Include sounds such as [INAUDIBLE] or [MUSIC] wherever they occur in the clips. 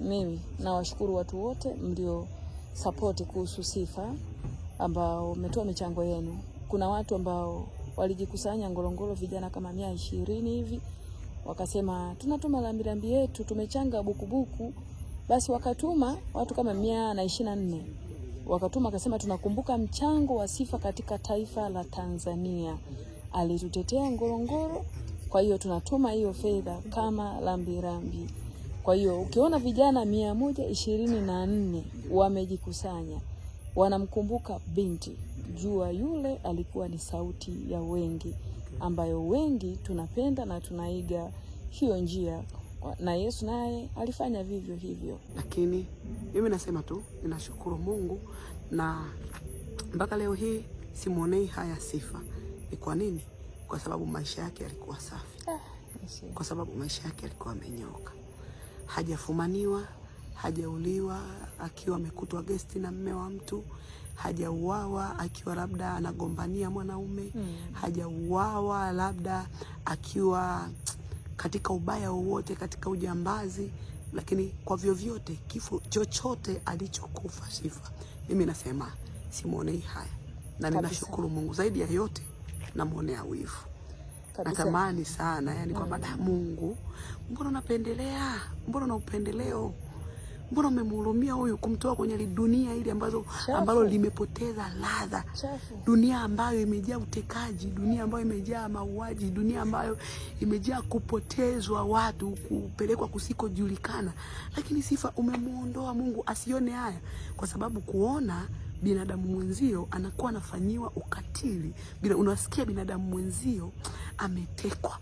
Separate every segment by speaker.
Speaker 1: Mimi nawashukuru watu wote mlio sapoti kuhusu sifa ambao umetoa michango yenu. Kuna watu ambao walijikusanya Ngorongoro, vijana kama mia ishirini hivi, wakasema tunatuma rambirambi yetu, tumechanga bukubuku. Basi wakatuma watu kama mia na ishirini na nne wakatuma akasema, tunakumbuka mchango wa sifa katika taifa la Tanzania, alitutetea Ngorongoro. Kwa hiyo tunatuma hiyo fedha kama rambirambi. Kwa hiyo ukiona vijana mia moja ishirini na nne wamejikusanya wanamkumbuka binti, jua yule alikuwa ni sauti ya wengi, ambayo wengi tunapenda na tunaiga hiyo njia, na Yesu naye alifanya vivyo hivyo.
Speaker 2: Lakini mimi nasema tu ninashukuru Mungu, na mpaka leo hii simwonei haya sifa. Ni kwa nini? Kwa sababu maisha yake yalikuwa safi, ah, kwa sababu maisha yake yalikuwa amenyoka hajafumaniwa, hajauliwa akiwa amekutwa gesti na mme wa mtu, hajauawa akiwa labda anagombania mwanaume mm. hajauawa labda akiwa katika ubaya wowote, katika ujambazi, lakini kwa vyovyote, kifo chochote alichokufa Sifa, mimi nasema simwonei haya na ninashukuru Mungu zaidi ya yote, namwonea wivu. Natamani sana yani kwamba mm. Mungu, mbona unapendelea? Mbona una upendeleo? Mbona umemhurumia huyu kumtoa kwenye dunia hili ambazo Chafu. ambalo limepoteza ladha, dunia ambayo imejaa utekaji, dunia ambayo imejaa mauaji, dunia ambayo imejaa kupotezwa watu, kupelekwa kusikojulikana. Lakini sifa umemwondoa Mungu asione haya, kwa sababu kuona binadamu mwenzio anakuwa anafanyiwa ukatili bila, unasikia binadamu mwenzio ametekwa,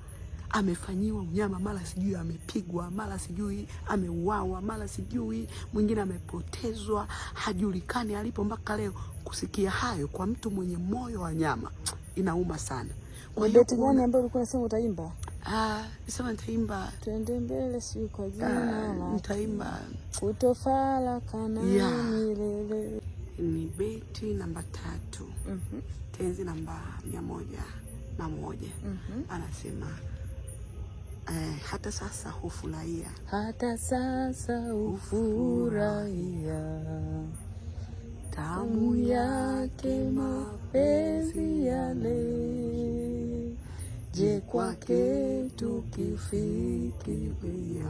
Speaker 2: amefanyiwa unyama, mara sijui amepigwa, mara sijui ameuawa, mara sijui mwingine amepotezwa, hajulikani alipo mpaka leo. Kusikia hayo kwa mtu mwenye moyo wa nyama inauma sana.
Speaker 1: Kwa hiyo gani ambayo ulikuwa unasema utaimba?
Speaker 2: Ah, nisema nitaimba
Speaker 1: twende mbele, si kwa jina ah,
Speaker 2: la nitaimba
Speaker 1: utofala kana milele
Speaker 2: ni beti namba tatu mm -hmm. tenzi namba mia moja na moja mm -hmm. anasema eh, hata sasa hufurahia,
Speaker 1: hata sasa hufurahia tamu yake mapenzi yale, je kwake tukifikiria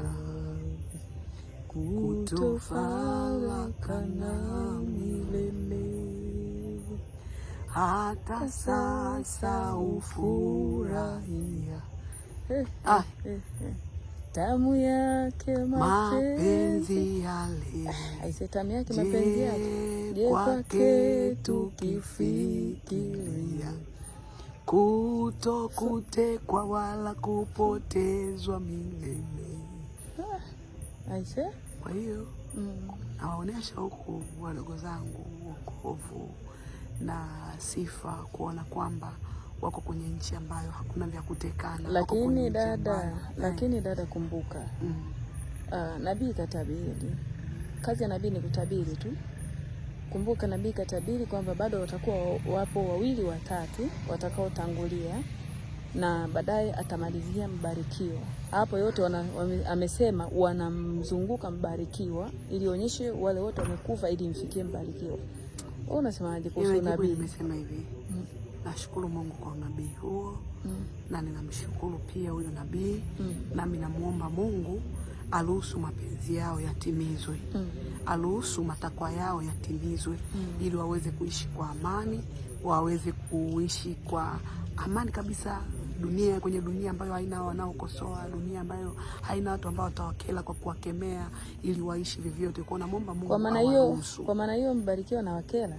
Speaker 1: kutofarakana milele, hata sasa ufurahia ah, eh, eh, eh, tamu yake mapenzi yale, ah, aise, tamu yake mapenzi yale, je kwake tukifikiria kutokutekwa wala kupotezwa milele Aise.
Speaker 2: Kwa hiyo mm. huku wadogo zangu wokovu na sifa, kuona kwamba wako kwenye nchi ambayo hakuna vya kutekana.
Speaker 1: Lakini dada, lakini eh. dada, kumbuka mm. uh, nabii katabiri. Kazi ya nabii ni kutabiri tu. Kumbuka nabii katabiri kwamba bado watakuwa wapo wawili watatu watakaotangulia na baadaye atamalizia Mbarikiwa. Hapo yote wana, wame, amesema wanamzunguka Mbarikiwa ili onyeshe wale wote wamekufa ili mfikie Mbarikiwa. Wewe unasemaje kuhusu yaani nabii?
Speaker 2: Nimesema hivi. Mm. Nashukuru Mungu kwa nabii huo mm. na ninamshukuru pia huyo nabii mm. nami namuomba Mungu aruhusu mapenzi yao yatimizwe mm. aruhusu matakwa yao yatimizwe mm. ili waweze kuishi kwa amani waweze kuishi kwa amani kabisa dunia kwenye dunia ambayo haina wanaokosoa, dunia ambayo haina watu ambao watawakela kwa kuwakemea ili waishi vyovyote. Kwa namwomba Mungu
Speaker 1: kwa maana hiyo, kwa maana hiyo Mbarikiwa na Wakela,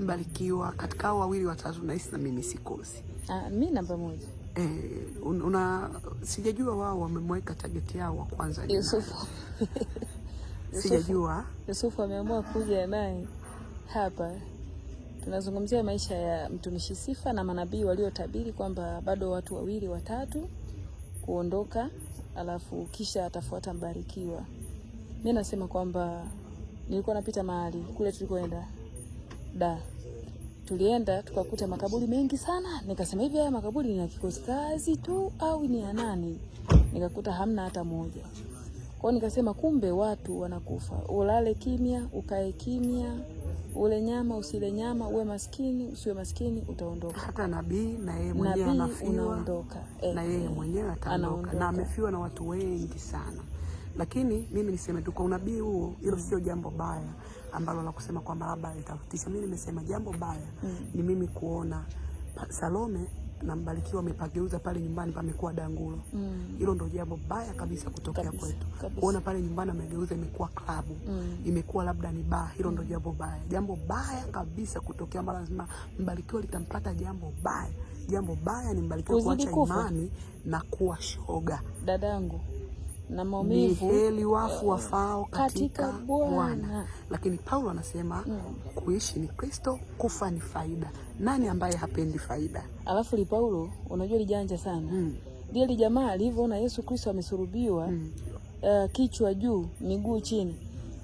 Speaker 2: Mbarikiwa katika hao wawili watatu, nahisi na mimi sikosi.
Speaker 1: Ah, mimi namba moja.
Speaker 2: Eh, una sijajua wao wamemweka target yao wa kwanza [LAUGHS]
Speaker 1: Yusufu.
Speaker 2: Sijajua
Speaker 1: Yusufu ameamua kuja naye hapa. Tunazungumzia maisha ya mtumishi Sifa na manabii waliotabiri kwamba bado watu wawili watatu kuondoka, alafu kisha atafuata mbarikiwa. Mimi nasema kwamba nilikuwa napita mahali kule tulikoenda da tulienda tukakuta makaburi mengi sana. Nikasema hivi, haya makaburi ni ya kikosi kazi tu au ni ya nani? Nikakuta hamna hata moja. kwao. nikasema kumbe watu wanakufa, ulale kimya, ukae kimya ule nyama usile nyama, uwe maskini usiwe maskini, utaondoka.
Speaker 2: Hata nabii na yeye mwenyewe
Speaker 1: anaondoka,
Speaker 2: eh, na yeye mwenyewe eh, ataondoka, na amefiwa na watu wengi sana. Lakini mimi niseme tu kwa unabii huo, hilo sio jambo baya ambalo la kusema kwamba labda litafutisha. Mimi nimesema jambo baya mm, ni mimi kuona Salome na Mbarikiwa amepageuza pale nyumbani pamekuwa dangulo. Mm. Hilo mm. ndo jambo baya kabisa kutokea kwetu Kuona pale nyumbani amegeuza imekuwa klabu mm. imekuwa labda ni baa, hilo ndo mm. jambo baya, jambo baya kabisa kutokea. Mara lazima Mbarikiwa litampata jambo baya, jambo baya ni Mbarikiwa kuacha imani na kuwa shoga.
Speaker 1: Dadangu na maumivu,
Speaker 2: ni heri wafu eh, wafao katika Bwana. Lakini Paulo anasema mm, kuishi ni Kristo, kufa ni faida. Nani ambaye hapendi faida?
Speaker 1: Alafu li Paulo, unajua lijanja sana mm, ndiye lijamaa alivyoona Yesu Kristo amesurubiwa mm, uh, kichwa juu miguu chini,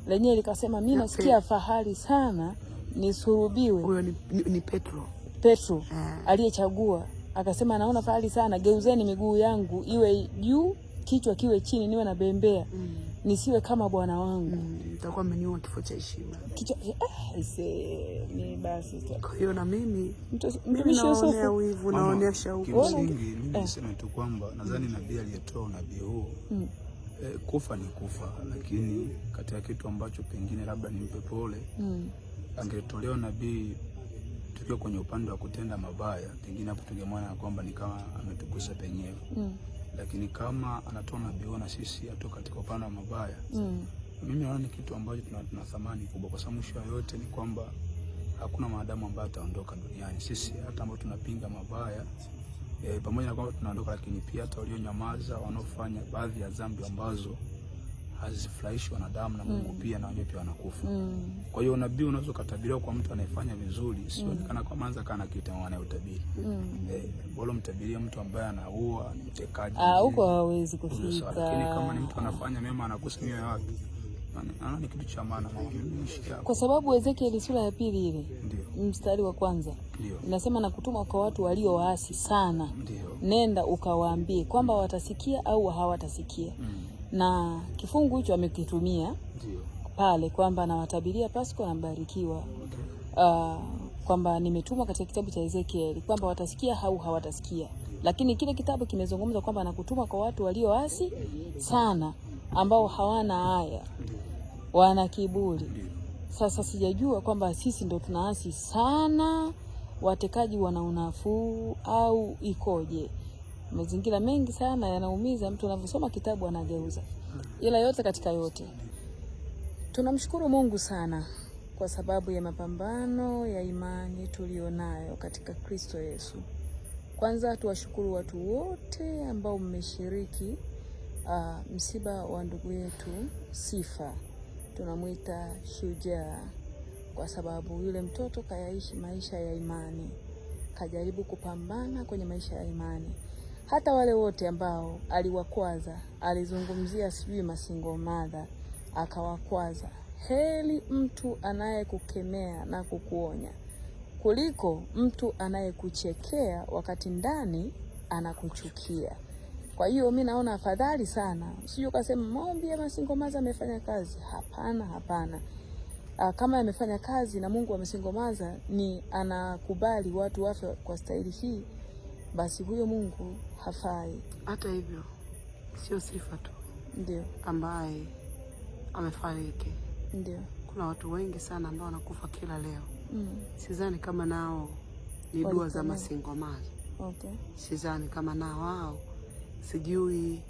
Speaker 1: lenyewe likasema mimi nasikia fahari sana nisurubiwe.
Speaker 2: Huyo ni, ni, ni Petro,
Speaker 1: Petro yeah, aliyechagua akasema naona fahari sana, geuzeni miguu yangu iwe juu kichwa kiwe chini, niwe na bembea mm. nisiwe kama bwana wangu mm.
Speaker 2: Takuwa mmeniua kifo cha heshima
Speaker 1: kichwa eh, ni basi.
Speaker 2: Kwa hiyo na mimi mimi naonea wivu, naonea shauku.
Speaker 3: Kimsingi mimi eh. niseme tu kwamba nadhani mm. nabii aliyetoa unabii huu mm. eh, kufa ni kufa, lakini katika kitu ambacho pengine labda nimpe pole mm. angetolewa nabii tukiwa kwenye upande wa kutenda mabaya, pengine hapo tungemwona kwamba ni kama ametugusa penyewe mm lakini kama anatoa mabio na sisi hata katika upande wa mabaya mm. Mimi naona ni kitu ambacho tuna thamani kubwa, kwa sababu mwisho yote ni kwamba hakuna maadamu ambaye ataondoka duniani. Sisi hata ambao tunapinga mabaya e, pamoja na kwamba tunaondoka, lakini pia hata walionyamaza wanaofanya baadhi ya dhambi ambazo hazifurahishi wanadamu na Mungu mm. pia na wenyewe pia wanakufa mm. kwa hiyo unabii unaweza ukatabiriwa kwa mtu anayefanya vizuri, sionekana mm. kwa manza kana kitu utabiri mm. eh, bora mtabirie mtu ambaye anaua ni mtekaji
Speaker 1: ah, huko, hawezi kufika,
Speaker 3: lakini kama ni mtu anafanya mema anakusimia watu yaani, Ana ni kitu cha maana
Speaker 1: kwa sababu Ezekieli sura ya pili ile mstari wa kwanza inasema na kutuma kwa watu walio waasi sana. Ndiyo. Nenda ukawaambie kwamba mm. watasikia au hawatasikia mm na kifungu hicho amekitumia pale kwamba nawatabiria Pasco na Mbarikiwa, uh, kwamba nimetumwa katika kitabu cha Ezekiel kwamba watasikia au hawatasikia, lakini kile kitabu kimezungumza kwamba nakutuma kwa watu walioasi sana, ambao hawana haya, wana kiburi. Sasa sijajua kwamba sisi ndo tunaasi sana, watekaji wana unafuu au ikoje? Mazingira mengi sana yanaumiza mtu, anavyosoma kitabu anageuza. Ila yote katika yote, tunamshukuru Mungu sana kwa sababu ya mapambano ya imani tuliyonayo katika Kristo Yesu. Kwanza tuwashukuru watu wote ambao mmeshiriki uh, msiba wa ndugu yetu Sifa, tunamwita shujaa kwa sababu yule mtoto kayaishi maisha ya imani, kajaribu kupambana kwenye maisha ya imani hata wale wote ambao aliwakwaza, alizungumzia sijui Masingo Madha akawakwaza. Heri mtu anayekukemea na kukuonya kuliko mtu anayekuchekea wakati ndani anakuchukia. Kwa hiyo mi naona afadhali sana, sijui ukasema maombi ya Masingo Madha amefanya kazi. Hapana, hapana. Ah, kama amefanya kazi na Mungu wa ni anakubali watu wafe kwa staili hii basi huyo Mungu hafai.
Speaker 2: Hata hivyo sio sifa tu ndio ambaye amefariki, ndio kuna watu wengi sana ambao wanakufa kila leo mm. Sidhani kama nao ni dua za masingomazi okay. Sidhani kama nao wao, sijui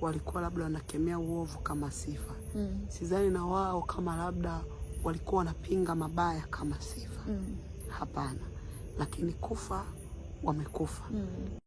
Speaker 2: walikuwa labda wanakemea uovu kama sifa mm. Sidhani na wao kama labda walikuwa wanapinga mabaya kama sifa mm. Hapana, lakini kufa wamekufa mm.